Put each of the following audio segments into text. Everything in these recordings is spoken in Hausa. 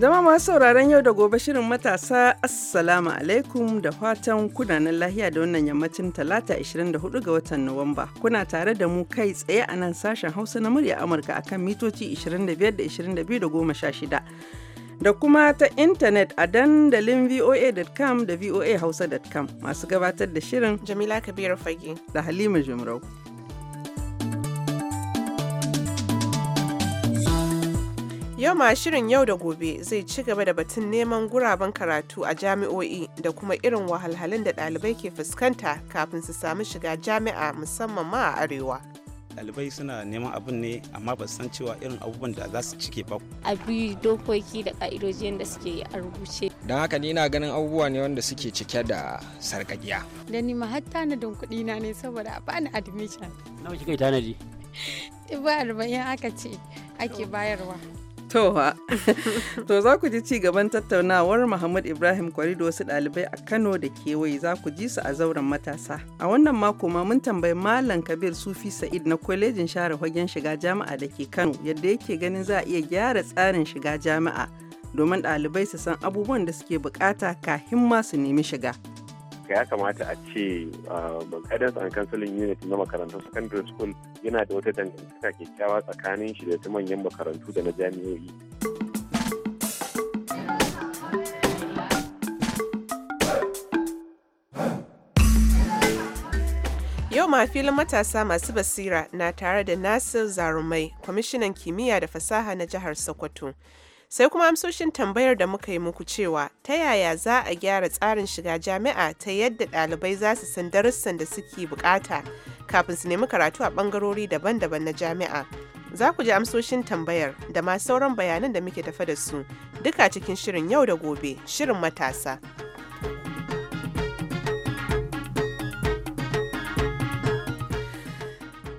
Zama masu sauraron yau da gobe shirin matasa Assalamu alaikum da fatan kudanan lahiya da wannan yammacin talata 24 ga watan Nuwamba. Kuna tare da mu kai tsaye a nan sashen Hausa na murya Amurka a kan mitoci 25 da 22 da 16. Da kuma ta intanet a dandalin voa.com da voahausa.com masu gabatar da shirin Jamila Kabiru Fage da Halima Jumrau. Yau ma shirin yau da gobe zai ci gaba da batun neman guraben karatu a jami'o'i da kuma irin wahalhalun da ɗalibai ke fuskanta kafin su samu shiga jami'a musamman ma a arewa. Ɗalibai suna neman abin ne amma ba san cewa irin abubuwan da za su cike ba. A bi dokoki da ƙa'idoji da suke yi a rubuce. Don haka ni ina ganin abubuwa ne wanda suke cike da sarƙaƙiya. Da ni ma har tanadin kuɗi na ne saboda a bani admission. Nawa kika yi tanadi? Ibu arba'in aka ce ake bayarwa. Towa. To za ku ji ci gaban tattaunawar Muhammad Ibrahim Kwari da wasu ɗalibai a Kano da kewaye za ku ji su a zauren matasa. A wannan mako ma mun tambayi Malam Kabir Sufi Sa'id na kwalejin share fagen shiga jami'a da ke Kano yadda yake ganin za a iya gyara tsarin shiga jami'a domin ɗalibai su san abubuwan da suke bukata kafin ma su nemi shiga. haka ya kamata a ce guidance and counseling unit na makarantun secondary school yana da wata dangantaka kyakkyawa tsakanin shi da ta manyan makarantu da na jami'o'i Yau ma filin matasa masu basira na tare da Nasir Zarumai, kwamishinan kimiyya da fasaha na jihar Sokoto. Sai kuma amsoshin tambayar da muka yi muku cewa ta yaya za a gyara tsarin shiga jami'a ta yadda ɗalibai za su san darussan da suke bukata kafin su nemi karatu a ɓangarori daban-daban na jami'a. Za ku ji amsoshin tambayar da ma sauran bayanan da muke tafa da su duka cikin shirin yau da gobe, shirin matasa.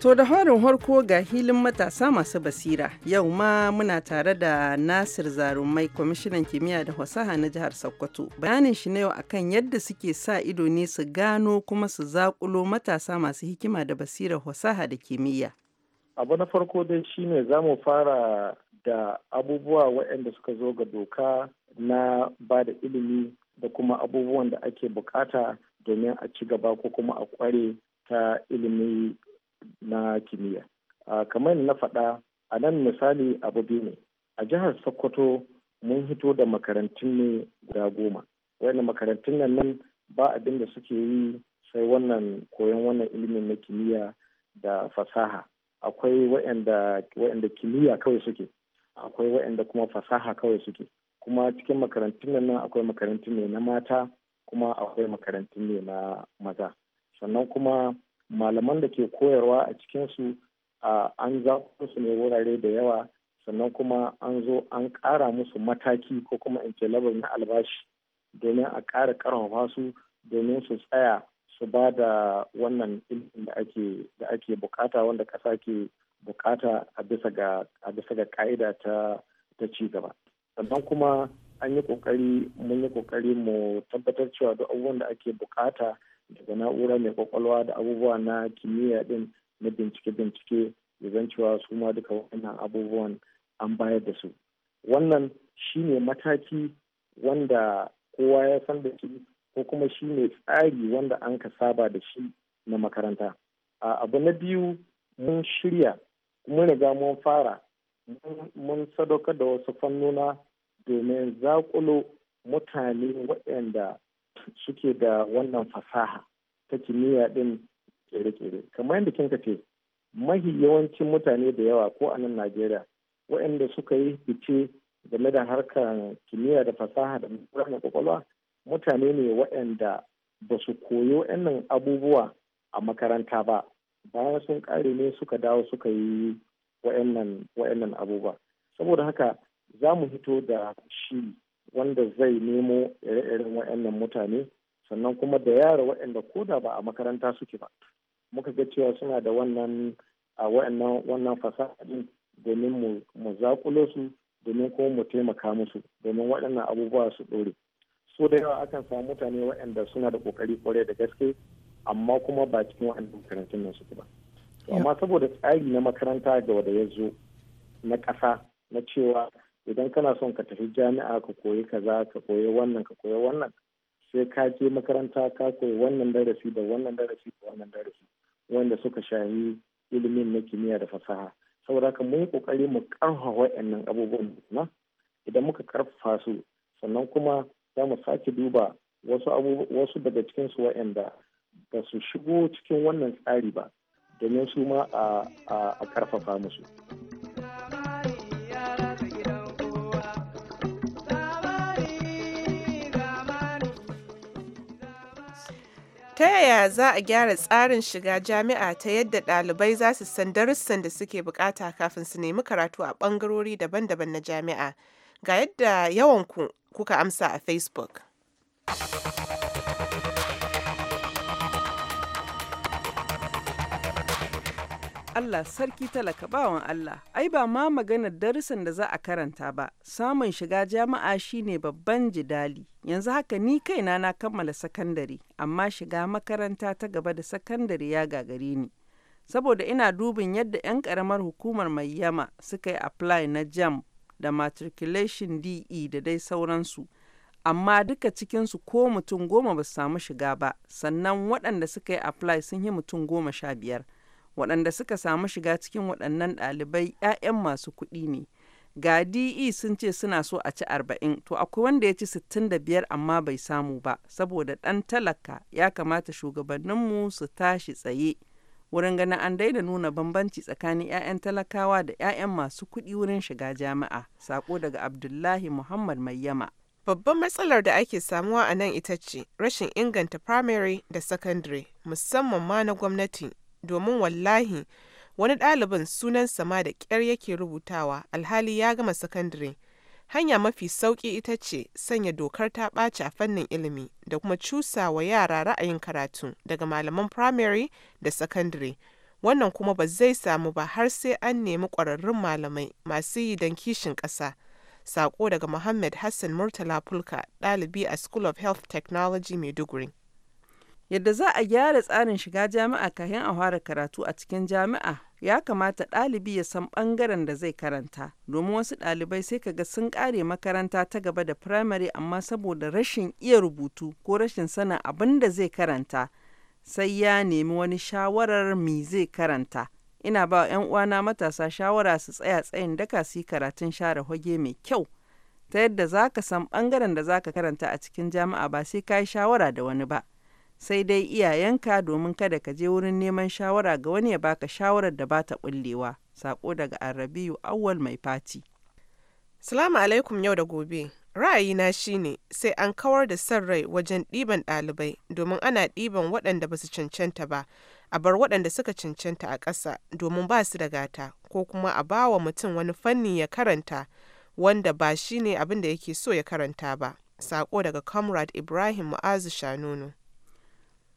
To da horin harko ga hilin matasa masu basira yau ma muna tare da Nasir Zarumai kwamishinan kimiyya da fasaha na jihar Sokoto. Bayanin shi na yau akan yadda suke sa ido ne su gano kuma su zakulo matasa masu hikima da basira fasaha da kimiyya. Abu na farko dai shine za mu fara da abubuwa waɗanda suka zo ga doka na ba da ilimi da kuma abubuwan da ake bukata domin a ci gaba ko kuma a kware ta ilimi na kimiyya a kamar na faɗa a nan misali abu biyu ne a jihar sokoto mun hito da makarantun ne guda goma wani makarantun nan nan ba abin da suke yi sai wannan koyon wannan ilimin na kimiyya da fasaha akwai wa'anda kimiyya kawai suke akwai wa'anda kuma fasaha kawai suke kuma cikin makarantun nan akwai makarantun ne na mata kuma akwai makarantun ne na maza sannan kuma malaman da ke koyarwa a cikinsu an zaɓo su ne wurare da yawa sannan kuma an zo an ƙara musu mataki ko kuma in ce labar na albashi domin a kara ƙarfafa su domin su tsaya su ba da wannan ilimin da ake bukata wanda ƙasa ke bukata a bisa ga ka'ida ta ci gaba sannan kuma an yi ƙoƙari mun yi ƙoƙari mu tabbatar cewa duk abubuwan da ake bukata daga na'ura mai kwakwalwa da abubuwa na kimiyya din na bincike-bincike zan cewa su ma duka wannan abubuwan an bayar da su wannan shine mataki wanda kowa ya san da shi ko kuma shine tsari wanda an ka saba da shi na makaranta a abu na biyu mun shirya mun riga mun fara mun sadaukar da wasu fannuna domin zakulo mutane waɗanda suke da wannan fasaha ta kimiyya ɗin kere-kere kamar yadda kinka ce mahi yawancin mutane da yawa ko a nan najeriya waɗanda suka yi fice game da harkar kimiyya da fasaha da na kwakwalwa mutane ne waɗanda ba su koyo wannan abubuwa a makaranta ba bayan sun ƙare ne suka dawo suka yi waɗannan abubuwa saboda haka za mu hito da shi wanda zai nemo ire-iren waɗannan mutane sannan kuma da yara waɗanda da ba a makaranta suke ba muka ga cewa suna da wannan a wannan fasaha domin mu zakulo su domin kuma mu taimaka musu domin waɗannan abubuwa su ɗore so da yawa akan samu mutane waɗanda suna da ƙoƙari kwarai da gaske amma kuma ba cikin waɗannan makarantun nan suke ba amma saboda tsari na makaranta ga wanda ya zo na ƙasa na cewa idan kana son ka tafi jami'a ka koyi kaza ka koyi wannan ka koyi wannan sai ka je makaranta ka koyi wannan darasi da wannan darasi da wannan darasi wanda suka shahi ilimin na kimiyya da fasaha saboda haka mun kokari mu karfafa wayannan abubuwan na idan muka karfafa su sannan kuma za mu sake duba wasu wasu daga cikin su wayanda ba su shigo cikin wannan tsari ba domin su ma a karfafa musu. Ta yaya za a gyara tsarin shiga jami'a ta yadda ɗalibai za su san darussan da suke bukata kafin su nemi karatu a ɓangarori daban-daban na jami'a? Ga yadda yawanku kuka amsa a Facebook. Allah sarki talaka bawan Allah, ai ba ma maganar darussan da za a karanta ba, samun shiga jami'a shine babban jidali. Yanzu haka ni kaina na kammala sakandare, amma shiga makaranta ta gaba da sakandare ya gagare ni. Saboda ina dubin yadda 'yan karamar hukumar mai yama suka yi apply na jam da matriculation DE da dai sauransu. Amma duka cikinsu ko mutum goma ba su samu shiga ba, sannan waɗanda suka yi apply sun yi mutum goma sha biyar. Waɗanda suka samu shiga cikin waɗannan ɗalibai 'ya'yan masu kuɗi ne. ga DE sun ce suna so a ci 40 to akwai wanda ya ci 65 amma bai samu ba saboda dan talaka ya kamata shugabanninmu su tashi tsaye wurin ganin an daida nuna bambanci tsakanin 'ya'yan talakawa da 'ya'yan masu kuɗi wurin shiga jami'a sako daga abdullahi muhammad mayyama babban matsalar da ake samuwa a nan ita ce rashin inganta primary da secondary musamman ma na gwamnati domin wallahi wani ɗalibin sunan ma da ƙyar yake rubutawa alhali ya gama sakandare hanya mafi sauƙi ita ce sanya dokar ta ɓaci a fannin ilimi da kuma cusa wa yara ra'ayin karatu daga malaman firamare da sakandare wannan kuma ba zai samu ba har sai an nemi ƙwararrun malamai masu yi don kishin ƙasa saƙo daga muhammad hassan murtala fulka ɗalibi a school of health technology maiduguri yadda za a gyara tsarin shiga jami'a kafin a fara karatu a cikin jami'a ya kamata ɗalibi ya san ɓangaren da zai karanta domin wasu ɗalibai sai ka ga sun ƙare makaranta ta gaba da firamare amma saboda rashin iya rubutu ko rashin sanin abin da zai karanta sai ya nemi wani shawarar mi zai karanta ina ba 'yan uwana matasa shawara su tsaya tsayin daka su yi karatun share hoge mai kyau ta yadda za ka san ɓangaren da za ka karanta a cikin jami'a ba sai ka yi shawara da wani ba sai dai iyayenka domin kada ka je wurin neman shawara ga wani ya baka shawarar da ba ta bullewa sako daga arabiyu awwal mai fati salamu alaikum yau da gobe ra'ayina shine sai an kawar da san rai wajen ɗiban ɗalibai domin ana ɗiban waɗanda ba su cancanta ba a bar waɗanda suka cancanta a ƙasa domin ba su da gata ko kuma a ba wa mutum wani fanni ya karanta wanda ba shine abin da yake so ya karanta ba sako daga comrade ibrahim mu'azu shanunu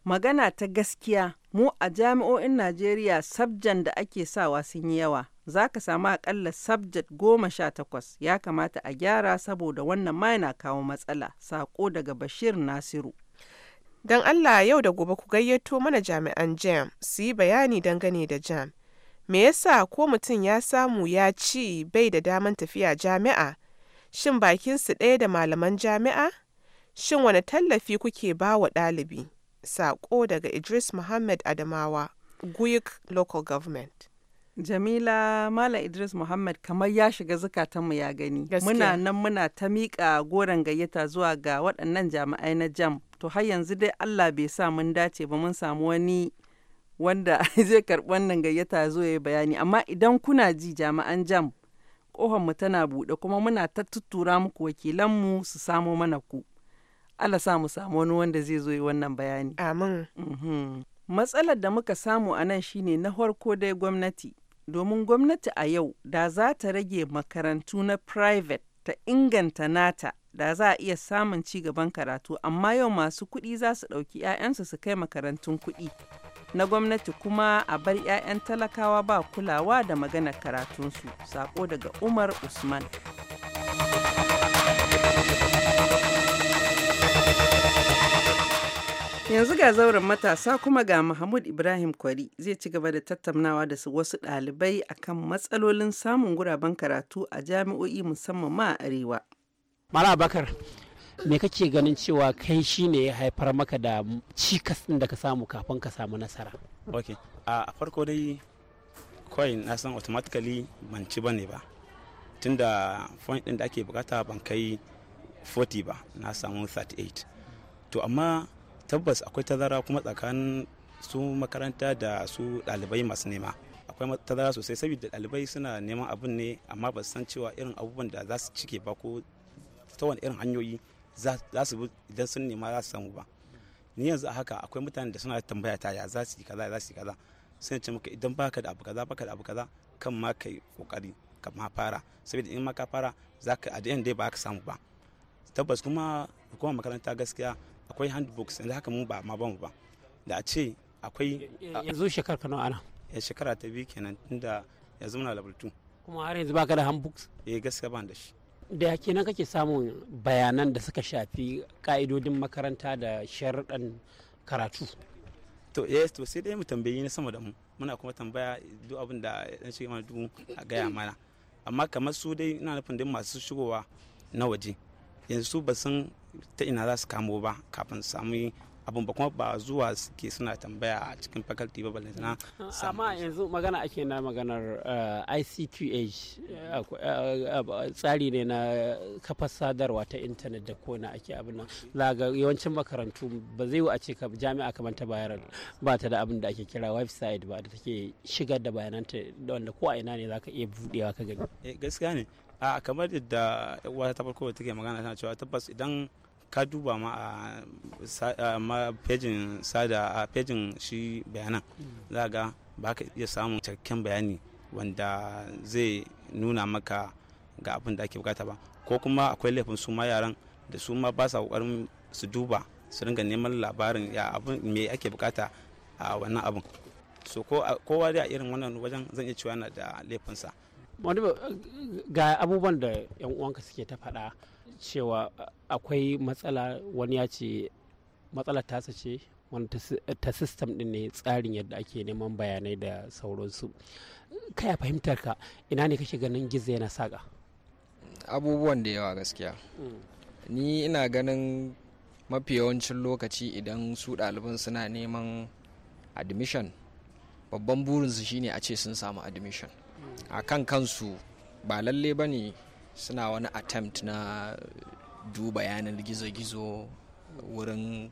Magana ta gaskiya, mu a jami'o'in Najeriya sabjan da ake sawa sun yi yawa. Za ka samu akalla sabjat goma sha takwas ya kamata a gyara saboda wannan ma yana kawo matsala. Sako daga Bashir Nasiru. Don Allah yau da gobe ku gayyato mana jami'an jam su yi bayani dangane da jam. Me yasa ko mutum ya samu ya ci bai da daman tafiya jami'a? Shin bakinsu ɗaya da malaman jami'a? Shin wani tallafi kuke ba wa ɗalibi? Sako daga Idris Muhammad Adamawa, Guyuk Local Government. Jamila Mala Idris Muhammad kamar ya shiga zukatanmu ya gani. Muna nan muna ta miƙa goron gayyata zuwa ga waɗannan jami'ai na jam. To har yanzu dai Allah bai sa mun dace ba mun samu wani wanda zai karɓi wannan gayyata zo ya bayani. Amma idan kuna ji jami'an jam, mu tana buɗe kuma muna ta tuttura muku wakilanmu su samo mana ku. Allah sa mu samu wani wanda zai zo yi wannan bayani. Amin. Mhm. Matsalar da muka samu a nan shine na farko dai gwamnati. Domin gwamnati a yau da za ta rage makarantu na private ta inganta nata da za a iya samun ci gaban karatu amma yau masu kuɗi za su ɗauki 'ya'yansu su kai makarantun kuɗi. Na gwamnati kuma a bar 'ya'yan talakawa ba kulawa da maganar karatunsu. Sako daga Umar Usman. Yanzu ga zauren matasa kuma ga Mahmud Ibrahim Kwari zai ci gaba da tattaunawa da wasu ɗalibai akan matsalolin samun guraben karatu a jami'o'i musamman ma a Arewa. Mala Bakar, me kake ganin cewa kai shine ya haifar maka da cikas ɗin da ka samu kafin ka samu nasara? Ok, a farko dai coin na san automatically ban ci bane ba. Tunda point ɗin da ake bukata ban kai 40 ba, na samu 38. To amma tabbas akwai tazara kuma tsakanin su makaranta da su ɗalibai masu nema akwai tazara sosai saboda ɗalibai suna neman abin ne amma ba su san cewa irin abubuwan da za su cike ba ko ta wani irin hanyoyi za su bi idan sun nema za su samu ba ni yanzu a haka akwai mutanen da suna tambaya ta ya za su yi kaza za su yi kaza sai ce maka idan baka da abu kaza baka da abu kaza kan ma kai kokari ka ma fara saboda in ma ka fara za ka a da dai ba ka samu ba tabbas kuma hukumar makaranta gaskiya akwai handbooks inda haka mu ba ma ba mu ba da a ce akwai yanzu shekar ka ana ya eh, shekara ta biyu kenan tunda yanzu muna level 2 kuma har yanzu baka da handbooks eh gaskiya ban da shi da nan kake samun bayanan da suka shafi ka'idodin makaranta da sharuɗan karatu to yes eh, to sai dai mu tambayi na sama da mu muna kuma tambaya duk abin da dan shi mana duk a gaya mana amma kamar su dai ina nufin dai masu shigowa na waje yanzu su ba san ta ina za su kamo ba kafin samu abin ba kuma ba zuwa suke suna tambaya a cikin faculty ba balle na amma yanzu magana ake na maganar ICTH eh, eh, eh, tsari ne na kafar sadarwa ta intanet da kona ake abin nan zaga yawancin makarantu ba zai a ce ka jami'a kamar ta bayar ba ta da abin da ake kira website ba da take shigar da bayananta wanda ko a ina ne zaka iya budewa ka gani gaskiya ne a kamar da wata ta farko take magana tana cewa tabbas idan ka duba ma a pejin sada a pejin shi bayanan hmm. za ga ba ka iya samun cikakken bayani wanda zai nuna maka ga abin da ake bukata ba ko kuma akwai laifin su ma yaran da su ma ba sa kokarin su duba su ringa neman labarin ya abin me ake bukata a wannan abin so kowa da irin wannan wajen zan iya cewa yana da laifinsa ga abubuwan da yan uwanka suke ta faɗa cewa akwai matsala wani ya ce matsala tasa ce wani ta system din ne tsarin yadda ake neman bayanai da sauransu kaya fahimtar ka ina ne kake ganin gizo yana saka. abubuwan da yawa gaskiya mm. ni ina ganin mafi yawancin lokaci idan su ɗaliban suna neman admission babban burinsu shine a ce sun samu admission mm. a kan kansu ba lalle ba ne suna wani attempt na duba yanar gizo-gizo wurin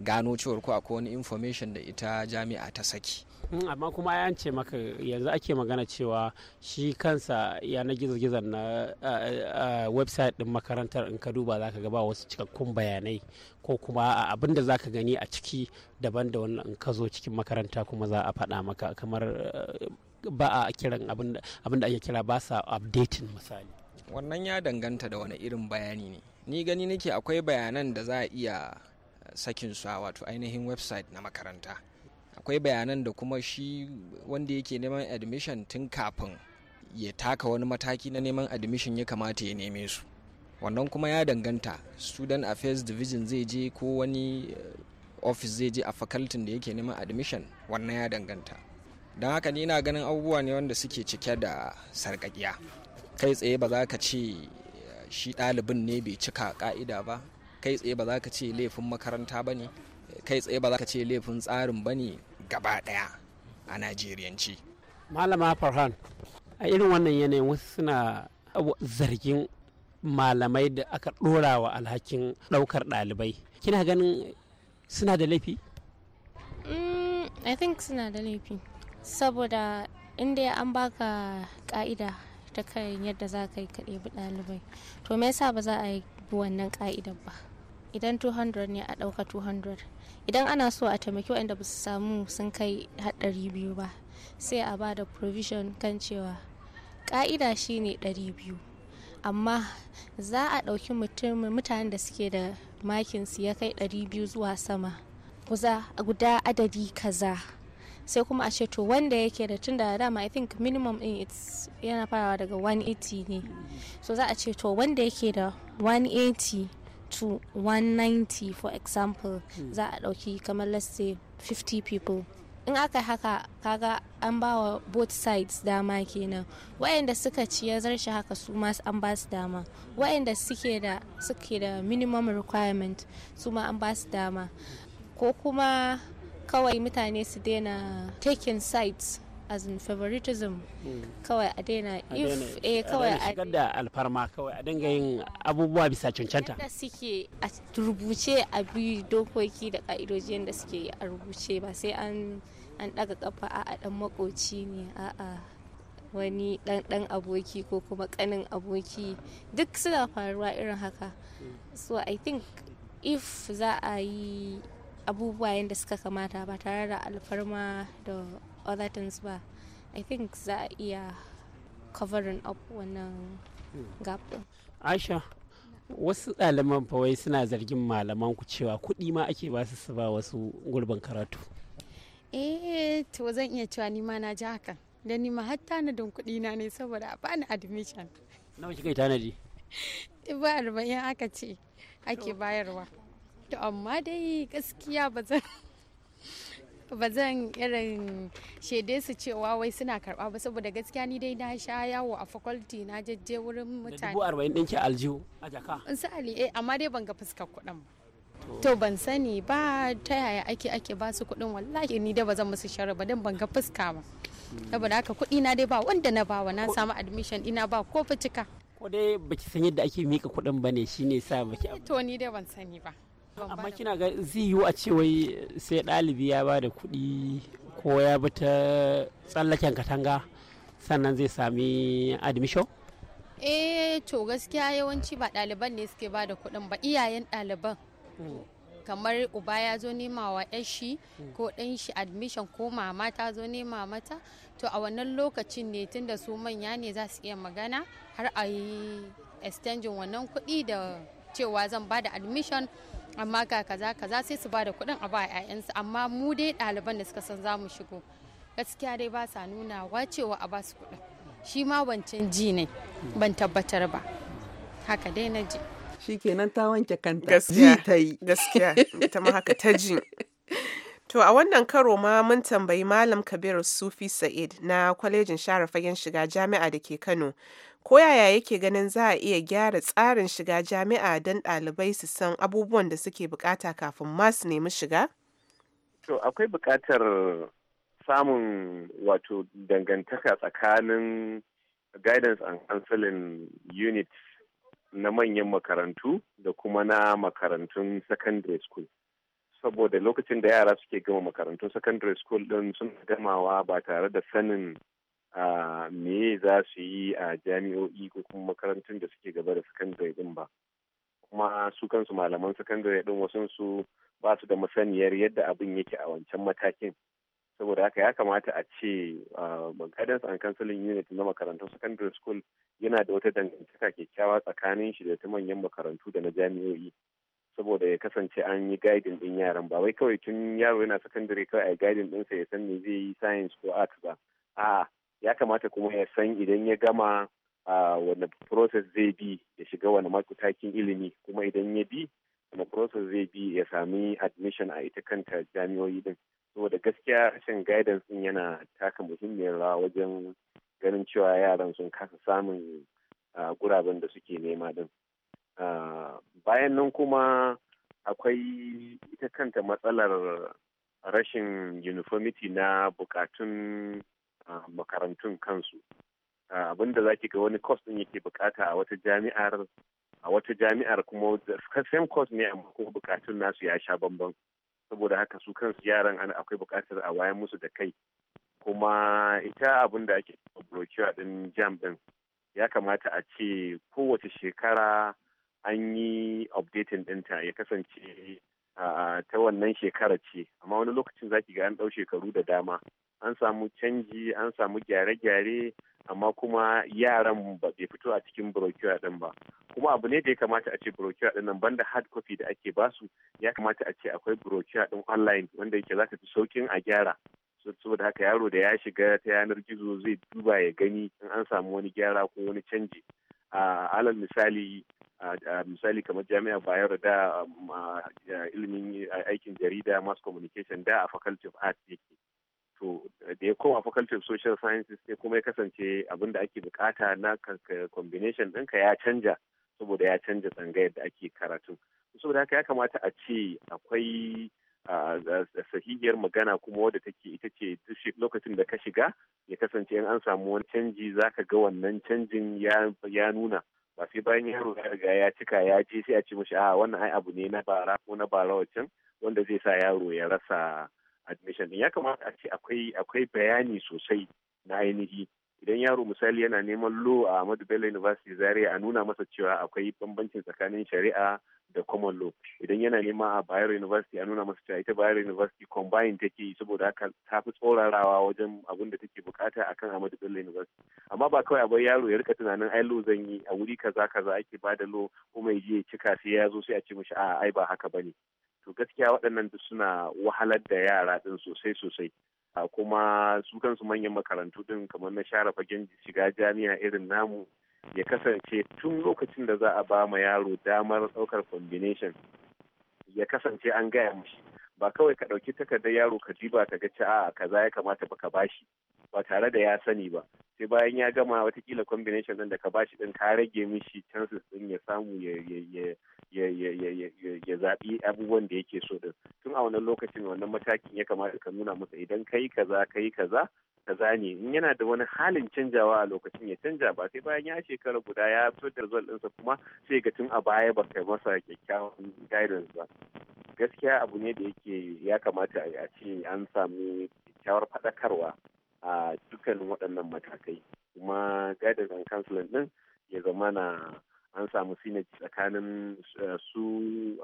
gano cewar ko akwai wani information da ita jami'a ta saki hmm, amma kuma ya ce maka yanzu ake magana cewa shi kansa yanar gizo-gizon na website din makarantar in ka duba zaka gaba wasu cikakkun bayanai ko kuma abin da zaka gani a ciki daban da wannan in ka zo cikin makaranta kuma za a faɗa maka kamar eh, ba a kiran abin da ake kira ba sa updating misali wannan ya danganta da wani irin bayani ne ni gani nake akwai bayanan da za a iya sakin su a wato ainihin website na makaranta akwai bayanan da kuma shi wanda yake neman admission tun kafin ya taka wani mataki na neman admission ya kamata ya neme su wannan kuma ya danganta student affairs division zai je ko wani eh, office zai je a fakaltin da yake neman admission wannan ya danganta don haka ni ina ganin abubuwa ne wanda suke cike da sarƙaƙiya kai tsaye ba za ka ce eh, shi ɗalibin ne bai cika ka'ida ba kai tsaye ba za ka ce laifin makaranta ba ne kai tsaye ba za ka ce laifin tsarin ba ne gaba ɗaya a najeriyanci malama farhan a irin wannan yanayin wasu suna zargin malamai da aka ɗora wa alhakin ɗaukar ɗalibai kina ganin suna da laifi mm, i think suna da laifi saboda inda an baka ka'ida ta kan yadda za ka yi ka ɗebi ɗalibai to me yasa ba za a yi wannan ka'idar ba idan 200 ne a ɗauka 200 idan ana so a taimaki waɗanda ba su samu sun kai haɗari biyu ba sai a ba da provision kan cewa ƙa'ida shine ɗari biyu amma za a ɗauki mutanen da suke da makinsu ya kai ɗari biyu zuwa sama guda adadi kaza sai kuma a ce to wanda yake da tun dama i think minimum in it's yana farawa daga 180 ne so za a ce to wanda yake da 180 to 190 for example hmm. za a ɗauki kamar let's say 50 people in aka haka kaga an bawa both sides dama kenan wayanda suka ci ya haka su ma an ba su dama wayanda suke da suke da minimum requirement su ma an ba su dama ko kuma kawai mutane su daina taking sides as in favoritism kawai a daina if eh kawai a shigar da alfarma kawai a dinga yin abubuwa bisa cancanta yadda suke a rubuce a bi dokoki da ka'idoji yadda suke a rubuce ba sai an an daga kafa a dan makoci ne a'a wani dan dan aboki ko kuma kanin aboki duk suna faruwa irin haka so i think if za a yi abubuwa yadda suka kamata ba tare da alfarma da other things ba i think za a iya covering up wannan gap din aisha wasu ɗaliban fawai suna zargin malaman ku cewa kuɗi ma ake ba su su ba wasu gurbin karatu eh to zan iya cewa ni ma na ji haka da ni ma har tanadin kuɗi na ne saboda a bani admission nawa kika tanadi ba arba'in aka ce ake bayarwa to amma dai gaskiya ba zan ba zan irin shaide su cewa wai suna karba ba saboda gaskiya ni dai na sha yawo a faculty na jajje wurin mutane. Da dubu arba'in ɗinki aljihu a jaka. In ali eh amma dai ban ga fuskar kuɗin ba. To ban sani ba ta yaya ake ake ba su kuɗin wallahi ni dai ba zan musu shara ba dan ban ga fuska ba. Saboda haka kuɗi na dai ba wanda na bawa na samu admission ina ba ko fa cika. Ko dai baki san yadda ake mika kuɗin ba ne shine sa baki. Eh, to ni dai ban sani ba. amma kina ga zai yiwu a ce wai sai ɗalibi ya ba da kuɗi ko ya bi ta tsallaken katanga sannan zai sami admission eh to gaskiya yawanci ba ɗaliban ne suke ba da kuɗin ba iyayen ɗaliban hmm. kamar uba ya zo nema wa shi hmm. ko ɗan shi admission ko mama ta zo nema mata to a wannan lokacin ne da su manya ne za su iya magana har a yi extension wannan kuɗi da cewa zan ba da admission amma ga kaza kaza sai su ba da kuɗin a ba 'ya'yansu amma mu dai ɗaliban da suka san za mu shigo gaskiya dai ba sa nuna wacewa a ba su kuɗin shi ma wancan ji ne ban tabbatar ba haka dai na ji shi kenan ta wanke kanta gaskiya ta yi gaskiya ta ma haka ta ji To a wannan karo ma mun tambayi Malam Kabir Sufi Sa'id na kwalejin share fagen shiga jami'a da ke Kano ko yaya yake ganin za a iya gyara tsarin shiga jami'a don ɗalibai su san abubuwan da suke bukata kafin ma su nemi shiga? To akwai bukatar samun wato dangantaka tsakanin guidance and counseling unit na manyan makarantu da kuma na makarantun secondary school. Saboda lokacin da yara suke gama makarantun secondary school ɗin suna gamawa ba tare da sanin a me za su yi a jami'o'i ko kuma makarantun da suke gaba da sakandare din ba kuma su kansu malaman sakandare din wasu su ba su da masaniyar yadda abin yake a wancan matakin saboda haka ya kamata a ce guidance and counseling unit na makarantun secondary school yana da wata dangantaka kyakkyawa tsakanin shi da ta manyan makarantu da na jami'o'i saboda ya kasance an yi guiding din yaran ba wai kawai tun yaro yana sakandare kawai a guiding ɗinsa ya san me zai yi science ko arts ba a'a ya kamata kuma ya san idan ya gama wani process zai bi ya shiga wani matakin ilimi kuma idan ya bi wani process zai bi ya sami admission a ita kanta jami'o'i din saboda gaskiya rashin guidance din yana taka muhimmiyar rawa wajen ganin cewa yaran sun kasa samun guraben da suke nema din bayan nan kuma akwai ita kanta matsalar rashin uniformity na bukatun makarantun kansu abinda zaki ga wani course din yake bukata a wata jami'ar a wata jami'ar kuma same course ne amma kuma bukatun nasu ya sha bambam saboda haka su kansu yaran ana akwai bukatar a wayan musu da kai kuma ita abin da ake brochure din jam din ya kamata a ce kowace shekara an yi updating dinta ya kasance ta wannan shekara ce amma wani lokacin zaki ga an ɗau shekaru da dama an samu canji an samu gyare-gyare amma kuma yaran ba bai fito a cikin brochure din ba kuma abu ne da ya kamata a ce brochure din nan banda hard copy da ake basu ya kamata a ce akwai brochure din online wanda yake zaka fi saukin a gyara saboda haka yaro da ya shiga ta yanar gizo zai duba ya gani in an samu wani gyara ko wani canji a alal misali misali kamar jami'a bayar da um, ilimin aikin jarida mass communication da a faculty of arts yake to da ya koma faculty of social sciences sai kuma ya kasance abin da ake bukata na combination ɗinka ya canja saboda ya canja tsangayar da ake karatu saboda haka ya kamata a ce akwai sahihiyar magana kuma wadda take ita ce lokacin da ka shiga ya kasance in an samu wani canji zaka ga wannan canjin ya nuna ba sai bayan yaro ya riga ya cika ya je sai a ce mishi a ah, wannan ai abu ne na bara ko na barawacin wanda zai sa yaro ya rasa admission din ya kamata a ce akwai akwai bayani sosai na ainihi idan yaro misali yana neman law a Ahmadu Bello University Zaria a nuna masa cewa akwai bambancin tsakanin shari'a da common law idan yana nema a bayero university a nuna masa cewa ita bayero university combine take yi saboda haka ta fi tsorarawa wajen abin da take bukata akan amadu bello university amma ba kawai abai yaro ya rika tunanin ai law zan yi a wuri kaza kaza ake ba da lo kuma mai je cika sai ya zo sai a ce mishi a ai ba haka bane to gaskiya waɗannan duk suna wahalar da yara din sosai sosai kuma su kansu manyan makarantu din kamar na share fagen shiga jami'a irin namu ya kasance tun lokacin da za a ba ma yaro damar ɗaukar combination ya kasance an gaya mashi ba kawai ka ɗauki takardar yaro ka jiba ka ga ci a kaza ya kamata ba ka bashi ba tare da ya sani ba sai bayan ya gama watakila combination ɗin da ka bashi ɗin ka rage mishi chances ɗin ya samu ya ya zaɓi abubuwan da yake so din tun a wannan lokacin wannan matakin ya kamata ka nuna masa idan kai kaza kai kaza kaza ne in yana da wani halin canjawa a lokacin ya canja ba sai bayan ya shekara guda ya fito da result ɗinsa kuma sai ga tun a baya ba kai masa kyakkyawan guidance ba gaskiya abu ne da yake ya kamata a ce an samu kyakkyawar faɗakarwa a dukkanin waɗannan matakai kuma guidance and counseling din ya zama na an samu sine tsakanin eh, su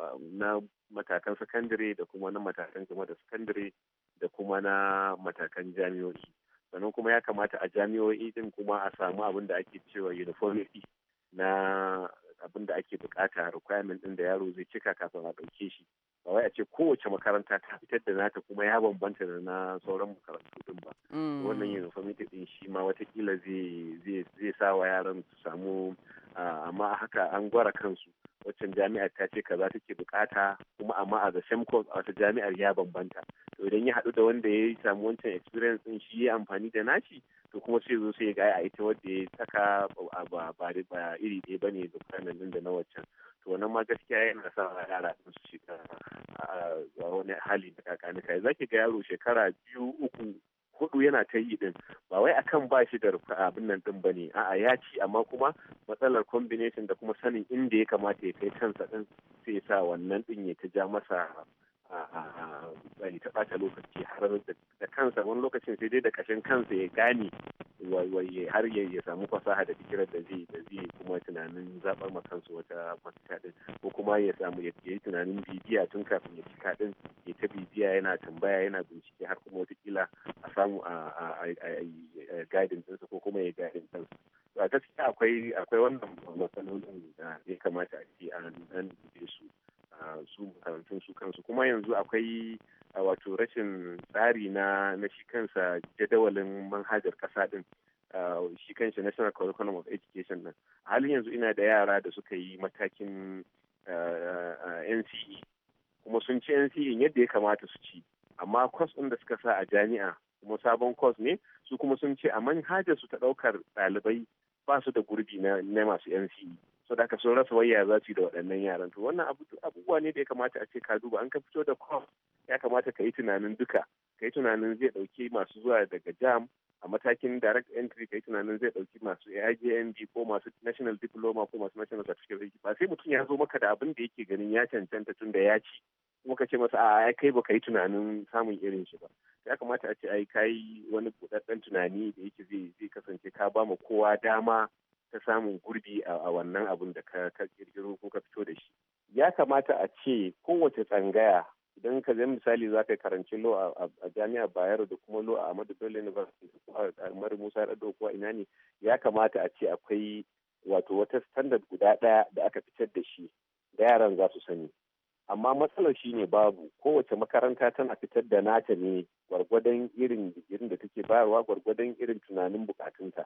eh, na matakan sakandare da kuma na matakan gama da sakandare da kuma na matakan jami'o'i sannan kuma ya kamata a jami'o'i din kuma a samu abin da ake cewa uniformity na abin da ake bukata requirement din da yaro zai cika kafin a ɗauke shi ba wai a ce kowace makaranta ta fitar da nata kuma ya bambanta da na sauran makarantu din ba mm. wannan uniformity din shi ma watakila zai sa wa yaran su samu amma haka an gwara kansu waccan jami'ar ta ce kaza take bukata kuma amma a the same course a wata jami'ar ya bambanta to idan ya haɗu da wanda ya samu wancan experience din shi ya amfani da nashi to kuma sai zo sai ga a ita wadda ya saka ba iri ɗaya bane da kanan da na waccan to wannan ma gaskiya yana sa yara sun su shiga a wani hali da kakanika zaki ga yaro shekara biyu uku hudu yana ta yi din ba wai akan ba shi da abin nan din ne a'a ya ci amma kuma matsalar combination da kuma sanin inda ya kamata ya kai kansa din sai sa wannan din ya ta ja masa bai ta ɓata lokaci har da kansa wani lokacin sai dai da kashin kansa ya gane waye har ya samu fasaha da fikirar da zai da zai kuma tunanin zaɓar ma wata mafita din ko kuma ya samu ya yi tunanin bibiya tun kafin ya cika din ya ta bibiya yana tambaya yana bincike har kuma watakila a samu a gadin ɗinsa ko kuma ya gadin ɗinsa a gaskiya akwai akwai wannan matsalolin da ya kamata a ce an dube su su makarantun su kansu kuma yanzu akwai wato rashin tsari na na shi kansa jadawalin manhajar kasa din shi kanshi national curriculum of education nan halin yanzu ina da yara da suka yi matakin nce kuma sun ci nce yadda ya kamata su ci amma kwas ɗin da suka sa a jami'a kuma sabon kwas ne su kuma sun ce a manhajar su ta ɗaukar ɗalibai ba su da gurbi na masu nce sau da ka sun rasa waya za su yi da waɗannan yaran to wannan abubuwa ne da ya kamata a ce ka duba an ka fito da kwam ya kamata ka yi tunanin duka ka yi tunanin zai ɗauki masu zuwa daga jam a matakin direct entry ka yi tunanin zai ɗauki masu aigmb ko masu national diploma ko masu national certificate ba sai mutum ya zo maka da abin da yake ganin ya cancanta tun da ya ci kuma ka ce masa a kai ba ka yi tunanin samun irin shi ba ya kamata a ce ai ka yi wani buɗaɗɗen tunani da yake zai kasance ka ba kowa dama ta samun gurbi a wannan abun da ka kirkiro ko ka fito da shi ya kamata a ce kowace tsangaya idan ka zai misali za ka karanci lo a jami'ar bayero da kuma lo a amadu bello university a musa rado ko ina ne ya kamata a ce akwai wato wata standard guda ɗaya da aka fitar da shi da yaran za su sani amma matsalar shi ne babu kowace makaranta tana fitar da nata ne gwargwadon irin digirin da take bayarwa gwargwadon irin tunanin bukatunta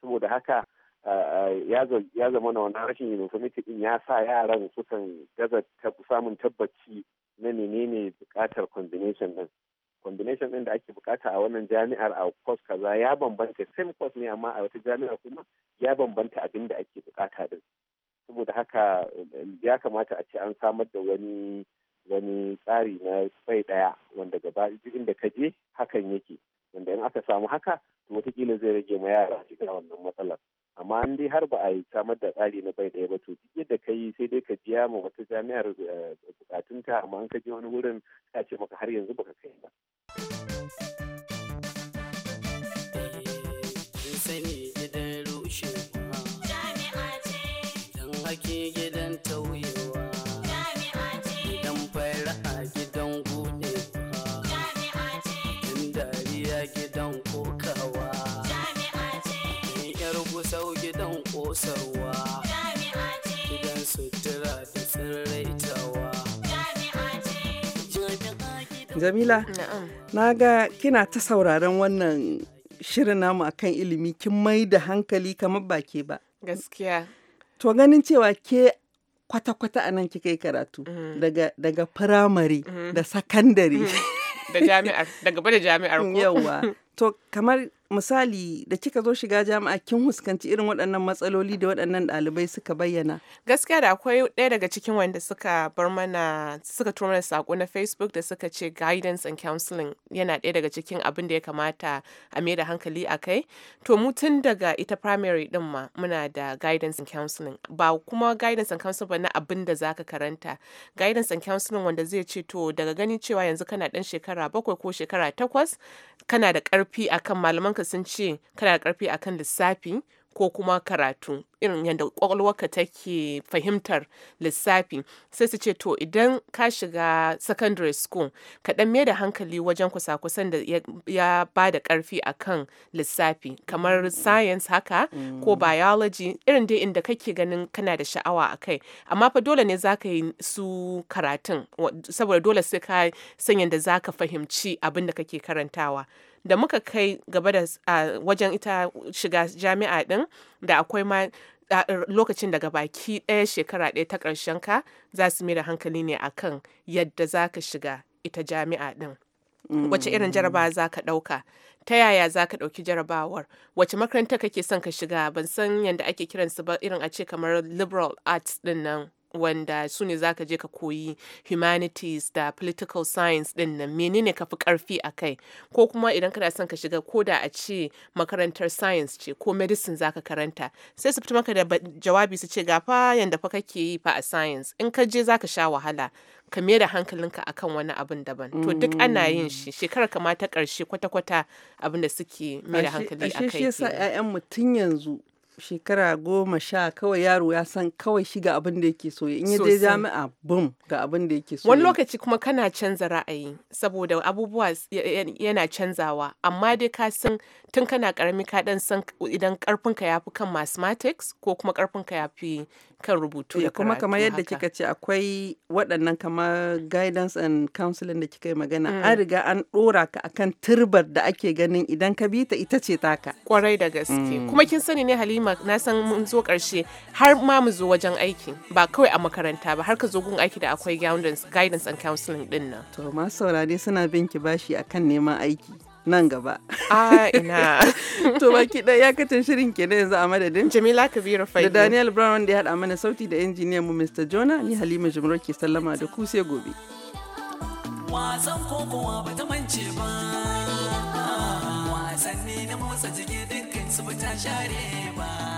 saboda haka ya zama na wani rashin uniformity din ya sa yaran sukan gaza samun tabbaci na menene bukatar combination din combination din da ake bukata a wannan jami'ar a course kaza ya bambanta same course ne amma a wata jami'a kuma ya bambanta abin da ake bukata din saboda haka ya kamata a ce an samar da wani wani tsari na sai daya wanda gaba inda ka je hakan yake wanda in aka samu haka to watakila zai rage ma yara a shiga wannan matsalar amma an dai har ba a yi samar da tsari na bai ɗaya ba to duk yadda ka yi sai dai ka biya ma wata jami'ar eh, bukatunta amma an ka je wani wurin ka ce maka har yanzu baka kai ba. sutura da jamila na ga kina ta sauraron wannan shirin namu akan ilimi kin mai da hankali kamar ba ke ba gaskiya to ganin cewa ke kwata-kwata a nan kika yi karatu mm-hmm. daga daga firamare mm-hmm. da sakandare mm-hmm. da jami'ar da gaba da jami'ar ko yawa to kamar misali da kika zo shiga jami'a kin huskanci irin waɗannan matsaloli da waɗannan ɗalibai suka bayyana gaskiya da akwai ɗaya daga cikin wanda suka bar mana suka tura mana sako na facebook da suka ce guidance and counseling yana ɗaya daga cikin abin da ya kamata a mai da hankali a kai to mu tun daga ita primary din ma muna da guidance and counseling ba kuma guidance and counseling ba na abin da zaka karanta guidance and counseling wanda zai ce to daga gani cewa yanzu kana ɗan shekara bakwai ko shekara takwas kana da ƙarfi akan malaman ka sun ce kana karfi akan lissafi ko kuma karatu irin yadda kwakwalwarka take fahimtar lissafi sai su ce to idan ka shiga secondary school ka dan da hankali wajen kusa-kusan da ya ba da karfi a kan lissafi kamar mm. science haka ko mm. biology irin dai inda kake ganin kana da sha'awa a kai amma fa dole ne za ka yi su karatun saboda dole sai ka san yadda za ka fahimci abin da kake karantawa da muka kai gaba da wajen ita shiga jami'a din da akwai ma lokacin daga baki ɗaya shekara ɗaya ta ƙarshen ka za su mai da hankali ne akan yadda za ka shiga ita jami'a ɗin. Wace irin jarabawa za ka ɗauka? Ta yaya za ka ɗauki jarabawar? Wace makaranta kake son ka shiga? Ban san yadda ake kiransu ba irin a ce kamar liberal arts ɗin nan wanda su ne za ka je ka koyi humanities da political science din nan menene ka fi karfi a kai ko kuma idan kana son ka shiga ko da a ce makarantar science ce ko medicine za ka karanta sai su fita maka da jawabi su ce gafa yanda fa kake yi fa a science in ka je za ka sha wahala ka da hankalinka akan wani abin daban to duk ana yin mm. shi shekarar kama ta karshe kwata-kwata abin da suke da hankali a kai. yasa 'ya'yan mutum yanzu shekara goma sha kawai yaro ya san kawai shi ga abin da yake so in ya je jami'a bum ga abin da yake so wani lokaci kuma kana canza ra'ayi saboda abubuwa yana canzawa amma dai ka san tun kana karami kaɗan san idan karfinka ya fi kan mathematics ko kuma karfinka ya fi kan rubutu eh, da kuma kamar yadda kika ce akwai waɗannan kamar guidance and counseling da kika yi magana an mm. riga an ɗora ka akan turbar da ake ganin idan ka bi ta ita ce taka kwarai da gaske mm. kuma kin sani ne halima na san mun zo ƙarshe har ma mu zo wajen aiki ba kawai a makaranta ba har ka zo gun aiki da akwai guidance and counseling din nan to ma saurare suna bin ki bashi akan neman aiki nan gaba. A ah, ina. To baki ɗaya yakacin shirin ke yanzu a madadin. Jamila Kabiru Faidu. Da Daniel Brown wanda ya haɗa mana sauti da injiniyan mu Mr. Jona ni Halima Jumro ke sallama da ku sai gobe. Wasan kokowa ba ta mance ba. Wasanni na motsa jiki dukkan su ba ta share ba.